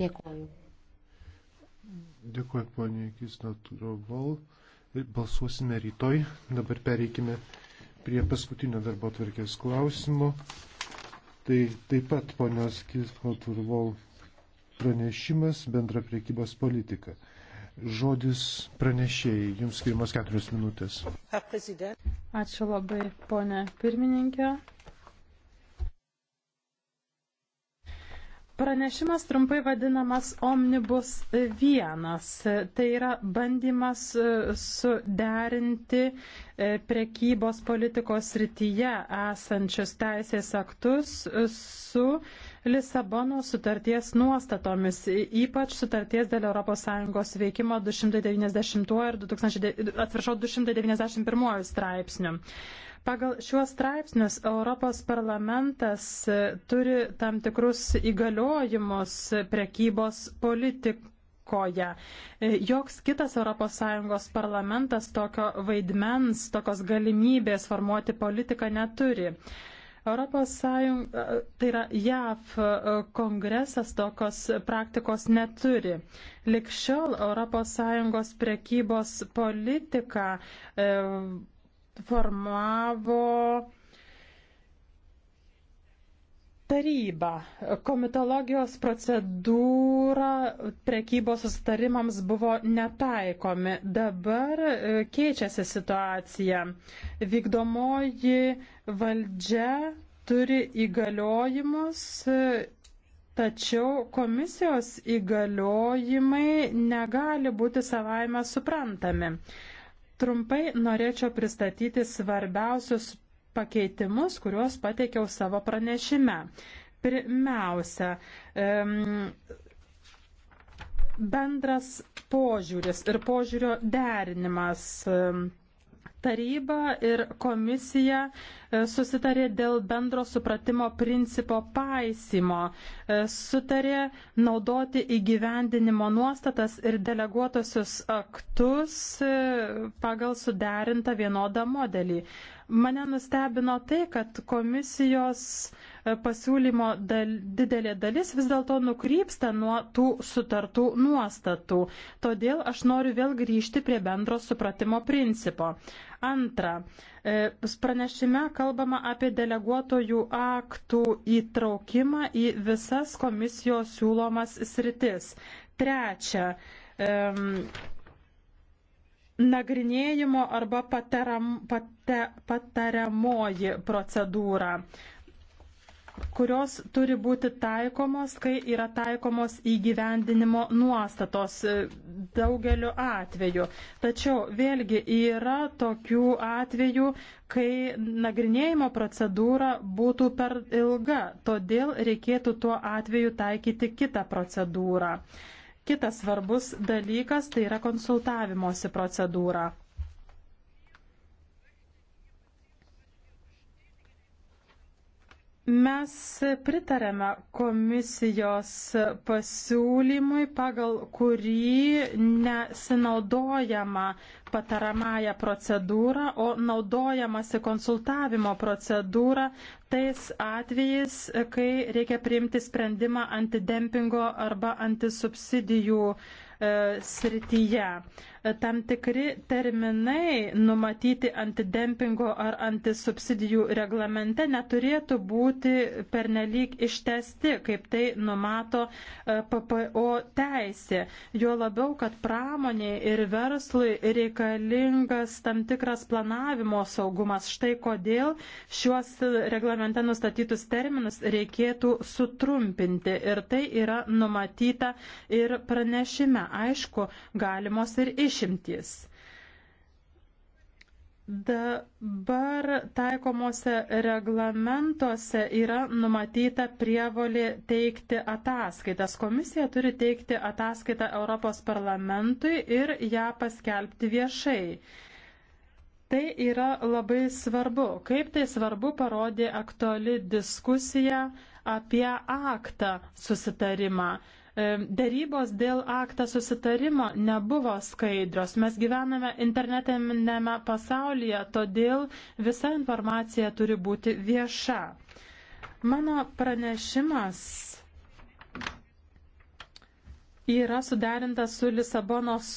Dėkuoju. Dėkuoju, ponė Kisnaturoval. Balsuosime rytoj. Dabar pereikime prie paskutinio darbo tvarkės klausimo. Tai taip pat ponios Kisnaturoval pranešimas bendra priekybos politika. Žodis pranešėjai, jums skirimas keturios minutės. Ačiū labai, ponė pirmininkė. Pranešimas trumpai vadinamas Omnibus 1. Tai yra bandymas e, suderinti e, prekybos politikos rytyje esančius teisės aktus e, su Lisabono sutarties nuostatomis, ypač sutarties dėl ES veikimo 290 ir 2000, atsiprašau, 291 straipsnių. Pagal šiuos straipsnius Europos parlamentas e, turi tam tikrus įgaliojimus prekybos politikoje. E, joks kitas ES parlamentas tokio vaidmens, tokios galimybės formuoti politiką neturi. Europos Sąjunga, e, tai yra JAV kongresas tokios praktikos neturi. Likščiol Europos Sąjungos prekybos politika e, formavo taryba. Komitologijos procedūra prekybos sustarimams buvo netaikomi. Dabar e, keičiasi situacija. Vykdomoji valdžia turi įgaliojimus, e, tačiau komisijos įgaliojimai negali būti savaime suprantami. Trumpai norėčiau pristatyti svarbiausius pakeitimus, kuriuos pateikiau savo pranešime. Pirmiausia, um, bendras požiūris ir požiūrio derinimas. Um, Taryba ir komisija e, susitarė dėl bendro supratimo principo paisymo, e, sutarė naudoti įgyvendinimo nuostatas ir deleguotosius aktus e, pagal suderintą vienodą modelį. Mane nustebino tai, kad komisijos e, pasiūlymo dal, didelė dalis vis dėlto nukrypsta nuo tų sutartų nuostatų. Todėl aš noriu vėl grįžti prie bendro supratimo principo. Antra, e, pranešime kalbama apie deleguotojų aktų įtraukimą į visas komisijos siūlomas sritis. Trečia, nagrinėjimo arba pateram, pate, patariamoji procedūra kurios turi būti taikomos, kai yra taikomos įgyvendinimo nuostatos e, daugeliu atveju. Tačiau vėlgi yra tokių atvejų, kai nagrinėjimo procedūra būtų per ilga, todėl reikėtų tuo atveju taikyti kitą procedūrą. Kitas svarbus dalykas tai yra konsultavimosi procedūra. Mes pritarėme komisijos pasiūlymui, pagal kurį nesinaudojama pataramąją procedūrą, o naudojamasi konsultavimo procedūrą tais atvejais, kai reikia priimti sprendimą antidempingo arba antisubsidijų e, srityje. E, tam tikri terminai numatyti antidempingo ar antisubsidijų reglamente neturėtų būti pernelyg ištesti, kaip tai numato e, PPO teisė. Jo labiau, kad pramoniai ir verslui reikalingas tam tikras planavimo saugumas. Štai kodėl šiuos reglamente nustatytus terminus reikėtų sutrumpinti. Ir tai yra numatyta ir pranešime. Aišku, galimos ir iš išimtys. Dabar taikomuose reglamentuose yra numatyta prievolė teikti ataskaitas. Komisija turi teikti ataskaitą Europos parlamentui ir ją paskelbti viešai. Tai yra labai svarbu. Kaip tai svarbu parodė aktuali diskusija apie aktą susitarimą. Darybos dėl aktą susitarimo nebuvo skaidrios. Mes gyvename internetinėme pasaulyje, todėl visa informacija turi būti vieša. Mano pranešimas yra suderintas su Lisabonos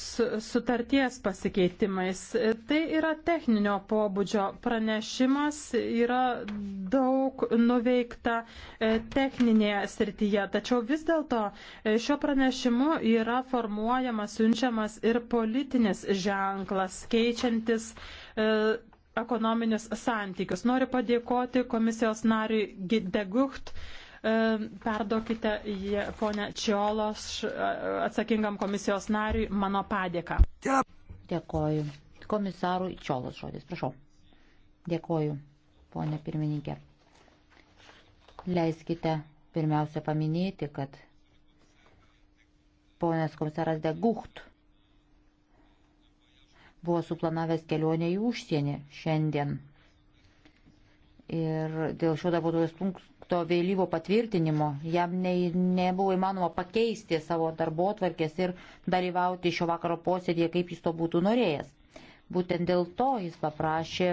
sutarties pasikeitimais. Tai yra techninio pobūdžio pranešimas, yra daug daug nuveikta e, techninėje srityje, tačiau vis dėlto e, šio pranešimu yra formuojamas, siunčiamas ir politinis ženklas, keičiantis e, ekonominius santykius. Noriu padėkoti komisijos nariui Degucht. Perduokite ponę Čiolos atsakingam komisijos nariui mano padėką. Dėkoju. Komisarui Čiolos žodis, prašau. Dėkoju, ponė pirmininkė. Leiskite pirmiausia paminėti, kad ponas komisaras de Gucht buvo suplanavęs kelionę į užsienį šiandien. Ir dėl šio darbuotojos punkto vėlyvo patvirtinimo jam ne, nebuvo įmanoma pakeisti savo darbo tvarkės ir dalyvauti šio vakaro posėdėje, kaip jis to būtų norėjęs. Būtent dėl to jis paprašė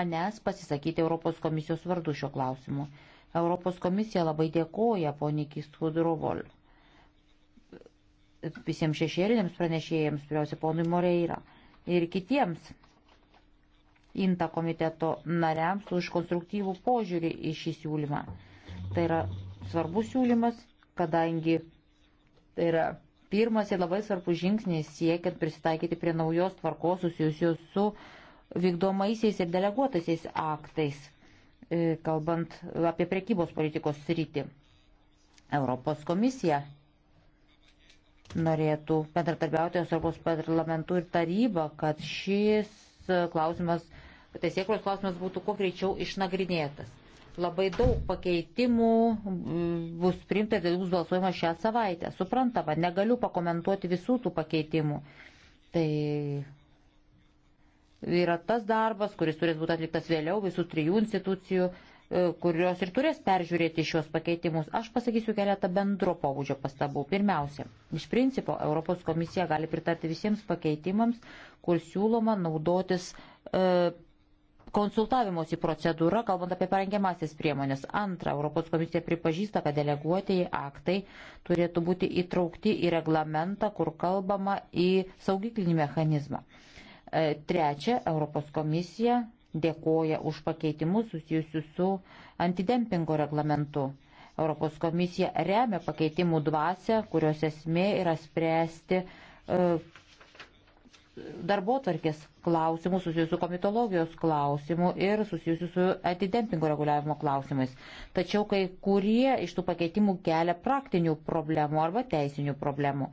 manęs pasisakyti Europos komisijos vardu šio klausimu. Europos komisija labai dėkoja ponikis Kudrovol. Visiems šešėliniams pranešėjams, pirmiausia, ponui Moreira ir kitiems INTA komiteto nariams už konstruktyvų požiūrį į šį siūlymą. Tai yra svarbus siūlymas, kadangi tai yra pirmas ir labai svarbus žingsnis siekiant prisitaikyti prie naujos tvarkos susijusios su vykdomaisiais ir deleguotaisiais aktais E, kalbant apie prekybos politikos sritį. Europos komisija norėtų bendratarbiauti su Europos parlamentu ir taryba, kad šis klausimas, teisėkros klausimas būtų kuo greičiau išnagrinėtas. Labai daug pakeitimų bus priimta ir tai bus balsuojama šią savaitę. Suprantama, negaliu pakomentuoti visų tų pakeitimų. Tai yra tas darbas, kuris turės būti atliktas vėliau visų trijų institucijų, e, kurios ir turės peržiūrėti šios pakeitimus. Aš pasakysiu keletą bendro pobūdžio pastabų. Pirmiausia, iš principo Europos komisija gali pritarti visiems pakeitimams, kur siūloma naudotis. E, konsultavimosi procedūra, kalbant apie parengiamasis priemonės. Antra, Europos komisija pripažįsta, kad deleguotieji aktai turėtų būti įtraukti į reglamentą, kur kalbama į saugiklinį mechanizmą. E, trečia, Europos komisija dėkoja už pakeitimus susijusius su antidempingo reglamentu. Europos komisija remia pakeitimų dvasę, kurios esmė yra spręsti e, darbo tvarkės klausimų, susijusių komitologijos klausimų ir susijusių su atidempingo reguliavimo klausimais. Tačiau kai kurie iš tų pakeitimų kelia praktinių problemų arba teisinių problemų.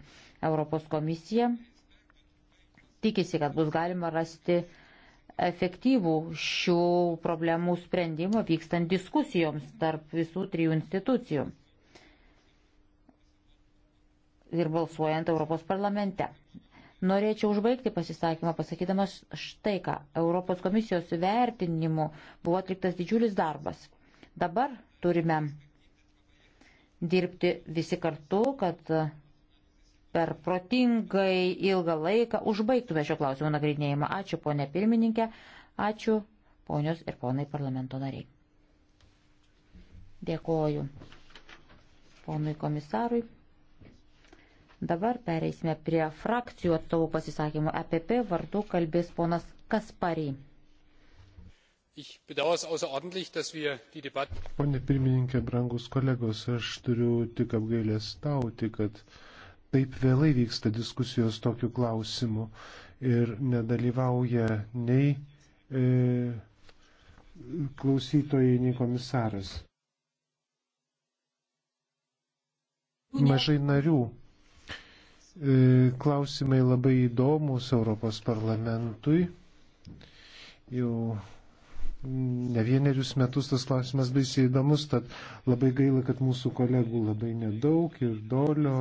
Europos komisija tikisi, kad bus galima rasti efektyvų šių problemų sprendimą vykstant diskusijoms tarp visų trijų institucijų ir balsuojant Europos parlamente. Norėčiau užbaigti pasisakymą pasakydamas štai ką. Europos komisijos vertinimu buvo atliktas didžiulis darbas. Dabar turime dirbti visi kartu, kad per protingai ilgą laiką užbaigtume šio klausimo nagrinėjimą. Ačiū ponė pirmininkė, ačiū ponios ir ponai parlamento nariai. Dėkoju ponui komisarui. Dabar pereisime prie frakcijų atstovų pasisakymų. EPP vardu kalbės ponas Kaspary. Pone pirmininkė, brangus kolegos, aš turiu tik apgailės tauti, kad taip vėlai vyksta diskusijos tokiu klausimu ir nedalyvauja nei e, klausytojai, nei komisaras. Mažai narių. E, klausimai labai įdomus Europos parlamentui. Jau ne vienerius metus tas klausimas baisiai įdomus, tad labai gaila, kad mūsų kolegų labai nedaug ir dolio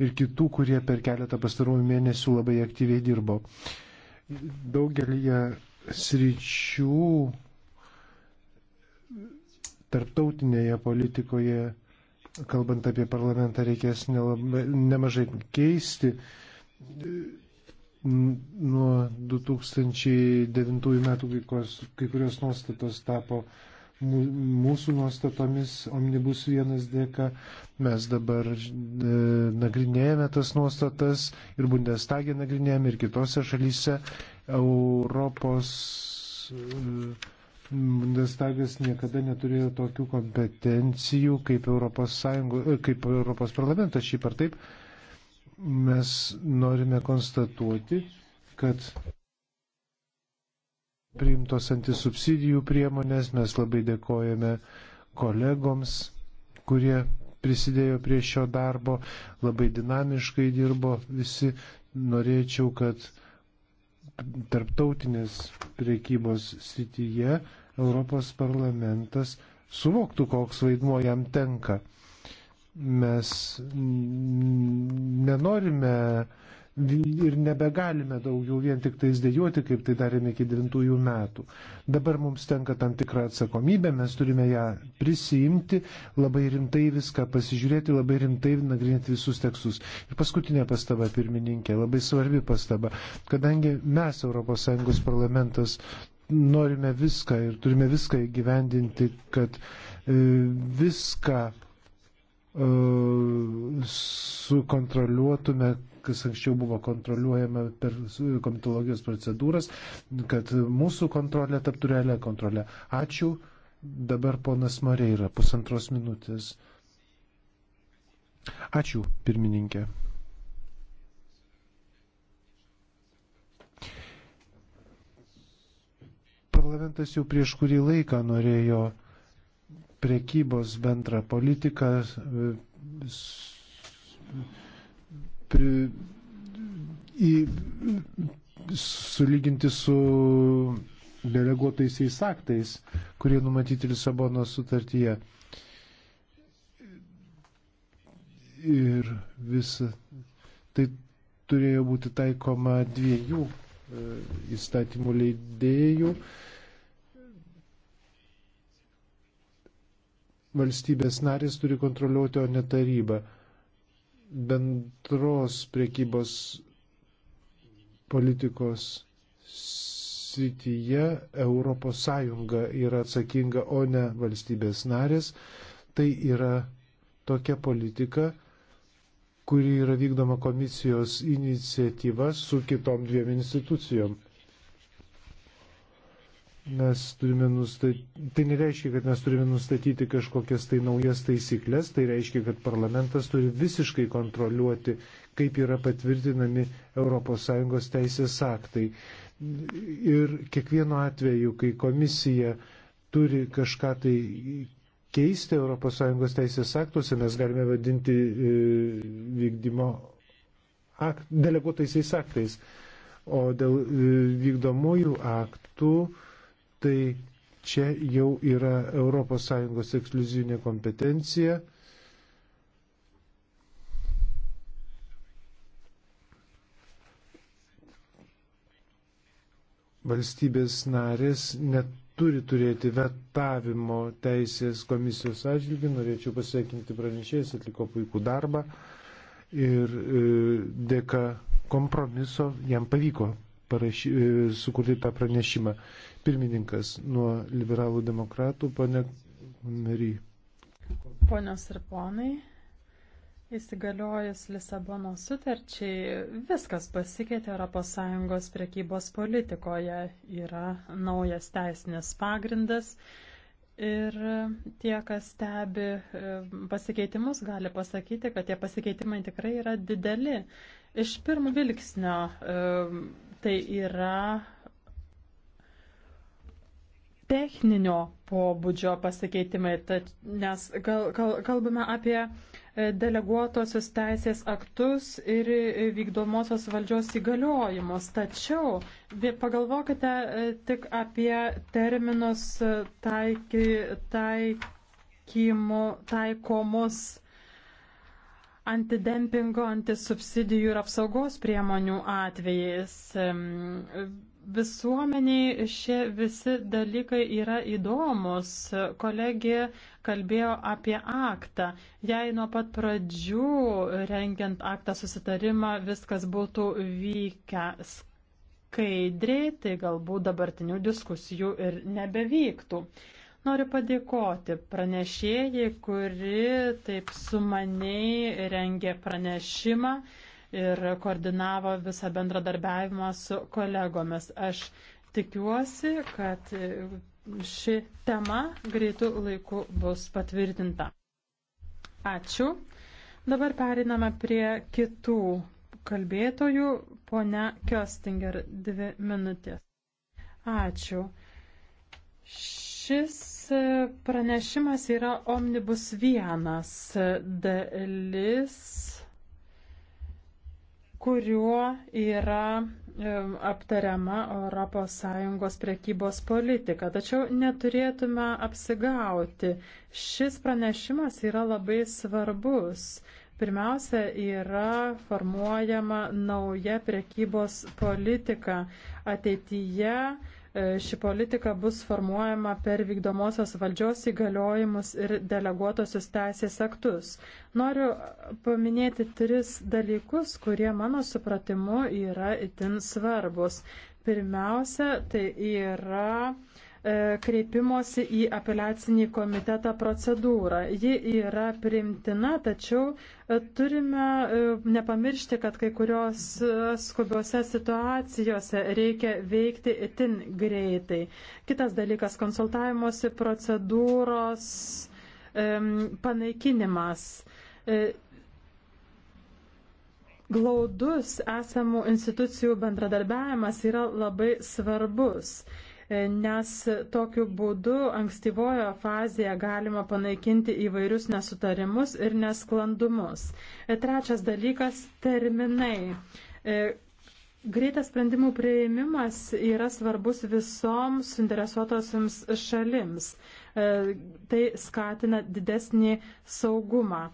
ir kitų, kurie per keletą pastarųjų mėnesių labai aktyviai dirbo. Daugelį sričių tarptautinėje politikoje, kalbant apie parlamentą, reikės nelabai, nemažai keisti Nuo 2009 metų kai kurios nuostatos tapo mūsų nuostatomis Omnibus vienas dėka. Mes dabar e, nagrinėjame tas nuostatas ir Bundestagė nagrinėjame ir kitose šalyse. Europos e, Bundestagas niekada neturėjo tokių kompetencijų kaip Europos, Sąjungo, e, kaip Europos parlamentas šiaip ar taip. E, mes norime konstatuoti, kad priimtos antisubsidijų priemonės, mes labai dėkojame kolegoms, kurie prisidėjo prie šio darbo, labai dinamiškai dirbo visi. Norėčiau, kad tarptautinės priekybos srityje Europos parlamentas suvoktų, koks vaidmuo jam tenka. Mes nenorime ir nebegalime daugiau vien tik tais dėjoti, kaip tai darėme iki 9 metų. Dabar mums tenka tam tikrą atsakomybę, mes turime ją prisijimti, labai rimtai viską pasižiūrėti, labai rimtai nagrinėti visus tekstus. Ir paskutinė pastaba, pirmininkė, labai svarbi pastaba, kadangi mes, ES parlamentas, norime viską ir turime viską įgyvendinti, kad e, viską E, sukontroliuotume, kas anksčiau buvo kontroliuojama per komitologijos procedūras, kad mūsų kontrolė taptų realią kontrolę. Ačiū. Dabar ponas Mareira, pusantros minutės. Ačiū, pirmininkė. Parlamentas jau prieš kurį laiką norėjo prekybos bendrą politiką, pri, į, sulyginti su deleguotaisiais aktais, kurie numatyti Lisabono sutartyje. Ir visa tai turėjo būti taikoma dviejų e, įstatymų leidėjų. E, valstybės narės turi kontroliuoti, o ne taryba. Bendros priekybos politikos srityje ES yra atsakinga, o ne valstybės narės. Tai yra tokia politika, kuri yra vykdoma komisijos iniciatyva su kitom dviem institucijom mes turime nustatyti, tai nereiškia, kad mes turime nustatyti kažkokias tai naujas taisyklės, tai reiškia, kad parlamentas turi visiškai kontroliuoti, kaip yra patvirtinami ES teisės aktai. Ir kiekvienu atveju, kai komisija turi kažką tai keisti ES teisės aktuose, mes galime vadinti e, vykdymo akt, deleguotaisiais aktais. O dėl e, vykdomųjų aktų tai čia jau yra ES ekskluzivinė kompetencija. Valstybės narės neturi turėti vetavimo teisės komisijos atžvilgių. Norėčiau pasveikinti pranešėjus, atliko puikų darbą ir e, dėka kompromiso jam pavyko paraši, e, sukurti tą pranešimą. Pirmininkas nuo liberalų demokratų, pane Mary. Ponios ir ponai, įsigaliojus Lisabono sutarčiai, viskas pasikeitė ES priekybos politikoje. Yra naujas teisinis pagrindas. Ir tie, kas stebi e, pasikeitimus, gali pasakyti, kad tie pasikeitimai tikrai yra dideli. Iš pirmo vilksnio e, tai yra techninio pobūdžio pasikeitimai, tad, nes gal, gal, kalbame apie e, deleguotosios teisės aktus ir vykdomosios valdžios įgaliojimus. Tačiau pagalvokite e, tik apie terminus e, taiky, taikymo, taikomus antidempingo, antisubsidijų ir apsaugos priemonių atvejais. Visuomeniai šie visi dalykai yra įdomus. Kolegė kalbėjo apie aktą. Jei nuo pat pradžių rengiant aktą susitarimą viskas būtų vykę skaidriai, tai galbūt dabartinių diskusijų ir nebevyktų. Noriu padėkoti pranešėjai, kuri taip sumaniai rengė pranešimą ir koordinavo visą bendradarbiavimą su kolegomis. Aš tikiuosi, kad ši tema greitų laikų bus patvirtinta. Ačiū. Dabar periname prie kitų kalbėtojų. Pone Kjostinger, dvi minutės. Ačiū. Šis pranešimas yra Omnibus vienas dalis, kuriuo yra aptariama ES priekybos politika. Tačiau neturėtume apsigauti. Šis pranešimas yra labai svarbus. Pirmiausia, yra formuojama nauja priekybos politika. Ateityje E, ši politika bus formuojama per vykdomosios valdžios įgaliojimus ir deleguotosius teisės aktus. Noriu paminėti tris dalykus, kurie mano supratimu yra itin svarbus. Pirmiausia, tai yra uh, E, kreipimosi į apeliacinį komitetą procedūrą. Ji yra primtina, tačiau e, turime e, nepamiršti, kad kai kurios skubiose situacijose reikia veikti itin greitai. Kitas dalykas - konsultavimosi procedūros panaikinimas glaudus esamų institucijų bendradarbiavimas yra labai svarbus nes tokiu būdu ankstyvojo fazėje galima panaikinti įvairius nesutarimus ir nesklandumus. E, trečias dalykas - terminai. E, greitas sprendimų prieimimas yra svarbus visoms suinteresuotosiams šalims. E, tai skatina didesnį saugumą.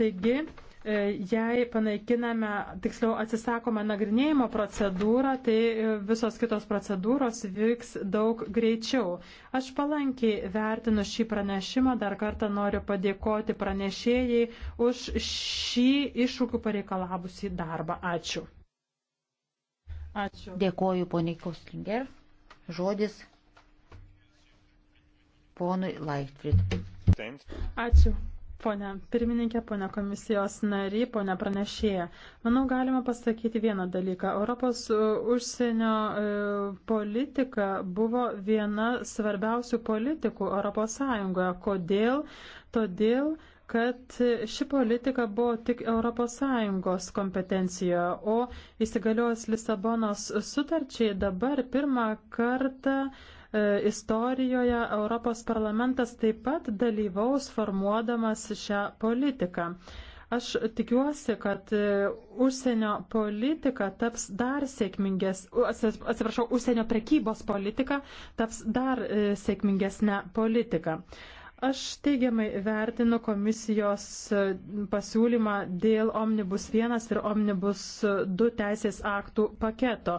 Taigi, E, jei panaikiname, tiksliau atsisakome nagrinėjimo procedūrą, tai e, visos kitos procedūros vyks daug greičiau. Aš palankiai vertinu šį pranešimą, dar kartą noriu padėkoti pranešėjai už šį iššūkių pareikalavusį darbą. Ačiū. Ačiū. Dėkoju poniai Kostlinger. Žodis ponui Leichtfried. Ačiū. Pone pirmininkė, pone komisijos nariai, pone pranešėja, manau galima pasakyti vieną dalyką. Europos e, užsienio e, politika buvo viena svarbiausių politikų Europos Sąjungoje. Kodėl? Todėl, kad ši politika buvo tik Europos Sąjungos kompetencijoje, o įsigaliojus Lisabonos sutarčiai dabar pirmą kartą uh, E, istorijoje Europos parlamentas taip pat dalyvaus formuodamas šią politiką. Aš tikiuosi, kad e, užsienio politika taps dar sėkminges, atsiprašau, užsienio prekybos politika taps dar e, sėkmingesnė politika. Aš teigiamai vertinu komisijos pasiūlymą dėl Omnibus 1 ir Omnibus 2 teisės aktų paketo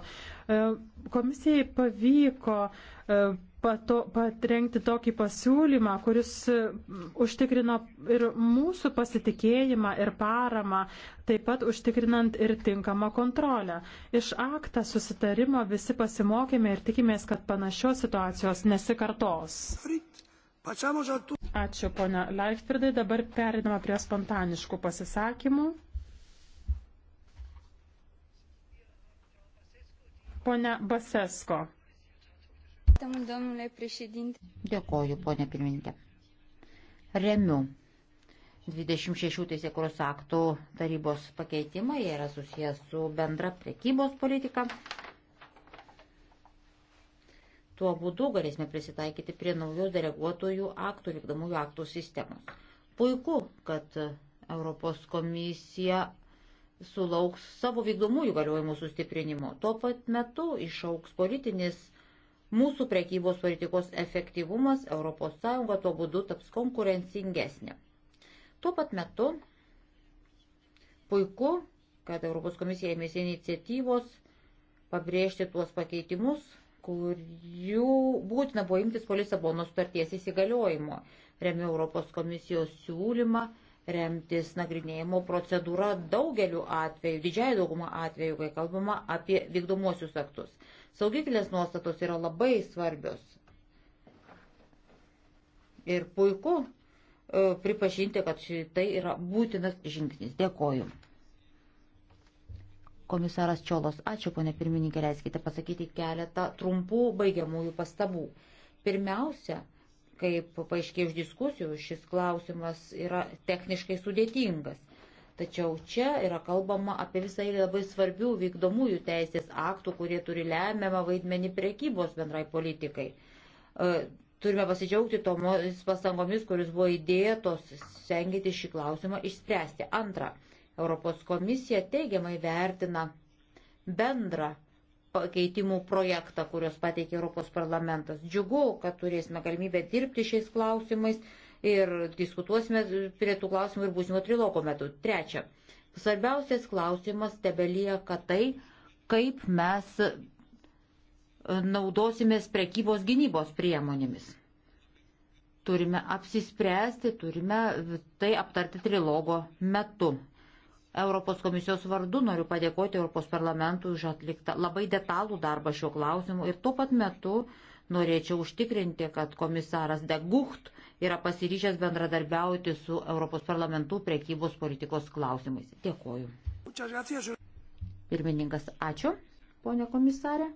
komisijai pavyko e, pato, patrengti tokį pasiūlymą, kuris e, užtikrino ir mūsų pasitikėjimą ir paramą, taip pat užtikrinant ir tinkamą kontrolę. Iš aktą susitarimo visi pasimokėme ir tikimės, kad panašios situacijos nesikartos. Ačiū, ponia Leichtfridai. Dabar perinama prie spontaniškų pasisakymų. Pone Basesko. Dėkoju, ponė pirmininkė. Remiu 26 teisėkuros aktų tarybos pakeitimai yra susijęs su bendra prekybos politika. Tuo būdu galėsime prisitaikyti prie naujos deleguotojų aktų vykdomųjų aktų sistemos. Puiku, kad Europos komisija sulauks savo vykdomųjų galiojimų sustiprinimo. Tuo pat metu išauks politinis mūsų prekybos politikos efektyvumas, ES tuo būdu taps konkurencingesnė. Tuo pat metu puiku, kad Europos komisija ėmėsi iniciatyvos pabrėžti tuos pakeitimus, kurių būtina buvo imtis po Lisabono sutarties įsigaliojimo. Remiu Europos komisijos siūlymą remtis nagrinėjimo procedūra daugeliu atveju, didžiai dauguma atveju, kai kalbama apie vykdomuosius aktus. Saugiklės nuostatos yra labai svarbios. Ir puiku e, pripažinti, kad šitai yra būtinas žingsnis. Dėkoju. Komisaras Čiolos, ačiū, ponė pirmininkė, leiskite pasakyti keletą trumpų baigiamųjų pastabų. Pirmiausia, Kaip paaiškėjo iš diskusijų, šis klausimas yra techniškai sudėtingas. Tačiau čia yra kalbama apie visą eilę labai svarbių vykdomųjų teisės aktų, kurie turi lemiamą vaidmenį priekybos bendrai politikai. E, turime pasidžiaugti tomis pastangomis, kuris buvo įdėtos, sengėti šį klausimą išspręsti. Antra, Europos komisija teigiamai vertina bendrą pakeitimų projektą, kurios pateikė Europos parlamentas. Džiugu, kad turėsime galimybę dirbti šiais klausimais ir diskutuosime prie tų klausimų ir būsimo triloko metu. Trečia, svarbiausias klausimas tebelieka tai, kaip mes naudosimės prekybos gynybos priemonėmis. Turime apsispręsti, turime tai aptarti trilogo metu. Europos komisijos vardu noriu padėkoti Europos parlamentui už atliktą labai detalų darbą šiuo klausimu ir tuo pat metu norėčiau užtikrinti, kad komisaras Degucht yra pasiryžęs bendradarbiauti su Europos parlamentu priekybos politikos klausimais. Dėkoju. Pirmininkas, ačiū, ponė komisarė.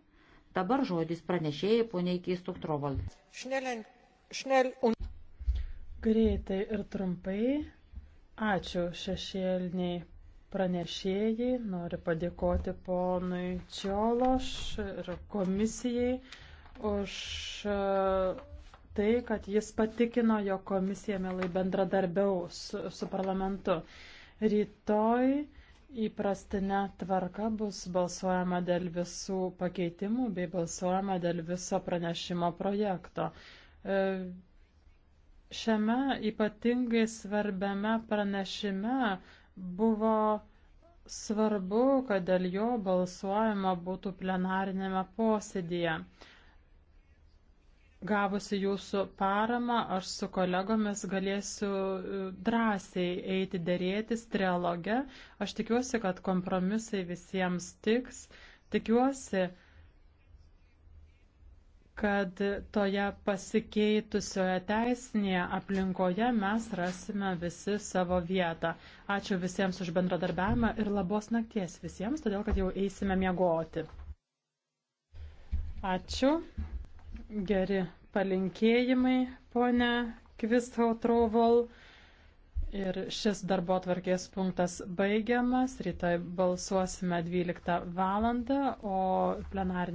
Dabar žodis pranešėjai poniai Keistuk Trovald. Greitai ir trumpai. Ačiū šešėliniai pranešėjai, noriu padėkoti ponui Čiološ ir komisijai už e, tai, kad jis patikino, jo komisija mielai bendradarbiaus su, su parlamentu. Rytoj įprastinė tvarka bus balsuojama dėl visų pakeitimų bei balsuojama dėl viso pranešimo projekto. E, šiame ypatingai svarbiame pranešime buvo svarbu, kad dėl jo balsuojama būtų plenarinėme posėdėje. Gavusi jūsų paramą, aš su kolegomis galėsiu e, drąsiai eiti dėrėtis trialoge. Aš tikiuosi, kad kompromisai visiems tiks. Tikiuosi, kad toje pasikeitusioje teisinėje aplinkoje mes rasime visi savo vietą. Ačiū visiems už bendradarbiavimą ir labos nakties visiems, todėl kad jau eisime miegoti. Ačiū. Geri palinkėjimai, ponia Kvisthautrovol. Ir šis darbo atvarkės punktas baigiamas. Rytoj balsuosime 12 valandą, o plenarinė.